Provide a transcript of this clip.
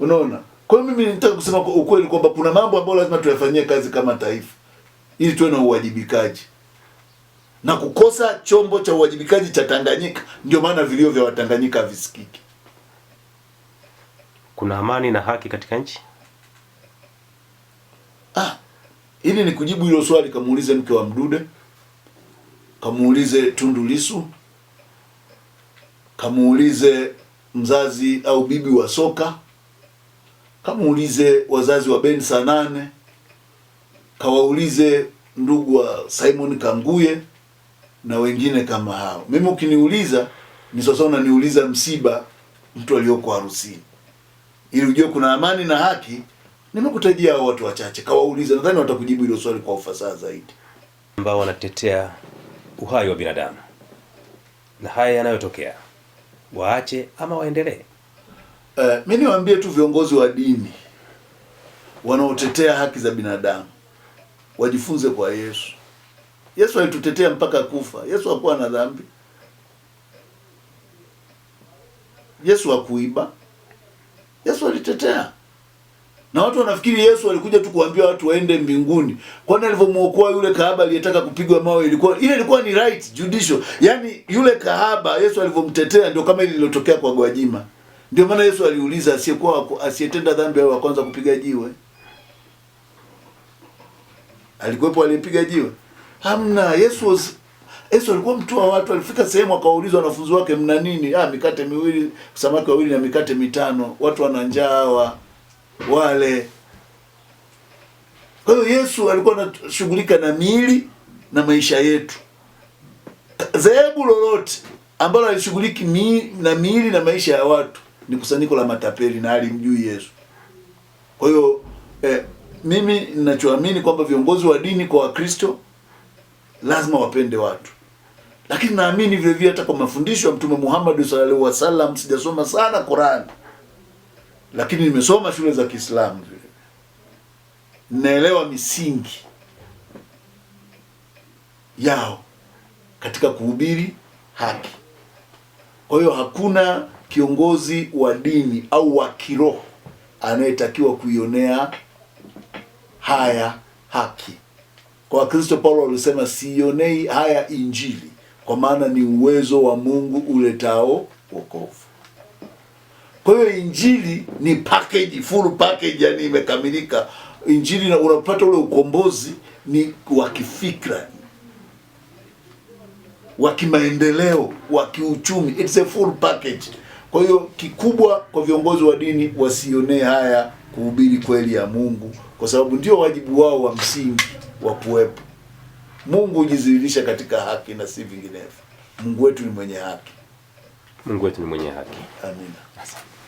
Unaona? Kwa mimi nitaka kusema kwa ukweli kwamba kuna mambo ambayo lazima tuyafanyie kazi kama taifa ili tuwe na uwajibikaji. Na kukosa chombo cha uwajibikaji cha Tanganyika ndio maana vilio vya Watanganyika visikiki. Kuna amani na haki katika nchi? Ah, ili ni kujibu hilo swali kamuulize mke wa Mdude, kamuulize Tundu Lissu, kamuulize mzazi au bibi wa Soka. Kama ulize wazazi wa Ben Sanane, kawaulize ndugu wa Simon Kanguye na wengine kama hao. Mimi ukiniuliza ni sasa unaniuliza msiba mtu aliyoko harusini, ili ujue kuna amani na haki. Nimekutajia hao watu wachache, kawauliza, nadhani watakujibu hilo swali kwa ufasaha zaidi, ambao wanatetea uhai wa binadamu na haya yanayotokea, waache ama waendelee. Eh, mi niwaambie tu viongozi wa dini wanaotetea haki za binadamu wajifunze kwa Yesu. Yesu alitutetea mpaka kufa. Yesu hakuwa na dhambi. Yesu hakuiba. Yesu alitetea, na watu wanafikiri Yesu alikuja tu kuambia watu waende mbinguni, kwani alivyomwokoa yule kahaba aliyetaka kupigwa mawe ilikuwa ile ilikuwa ni right judicial, yaani yule kahaba Yesu alivyomtetea ndio kama ile iliyotokea kwa Gwajima. Ndio maana Yesu aliuliza, asiyekuwa asiyetenda dhambi awe wa kwanza kupiga jiwe. Alikuwepo aliyepiga jiwe? Hamna. Yesu was, Yesu alikuwa mtu wa watu. Alifika sehemu akaulizwa wanafunzi wake, mna nini? Ah, mikate miwili, samaki wawili na mikate mitano, watu wana njaa hawa, wale. Kwa hiyo Yesu alikuwa anashughulika na miili na maisha yetu. Dhehebu lolote ambalo alishughuliki mi, na miili na maisha ya watu ni kusanyiko la matapeli na alimjui Yesu. Kwa hiyo eh, mimi ninachoamini kwamba viongozi wa dini kwa Wakristo lazima wapende watu, lakini naamini vile vile hata kwa mafundisho ya Mtume Muhammad sallallahu alaihi wasallam. Sijasoma sana Qurani, lakini nimesoma shule za Kiislamu vile naelewa misingi yao katika kuhubiri haki. Kwa hiyo hakuna kiongozi wa dini au wa kiroho anayetakiwa kuionea haya haki. Kwa Wakristo, Paulo alisema siionei haya Injili, kwa maana ni uwezo wa Mungu uletao wokovu. Kwa hiyo Injili ni package, full package, yani imekamilika Injili na unapata ule ukombozi ni wa kifikra, wa kimaendeleo, wa kiuchumi. It's a full package. Kwa hiyo kikubwa kwa viongozi wa dini wasionee haya kuhubiri kweli ya Mungu, kwa sababu ndio wajibu wao wa msingi wa kuwepo. Mungu hujidhihirisha katika haki na si vinginevyo. Mungu wetu ni mwenye haki. Mungu wetu ni mwenye haki. Amina. Asante.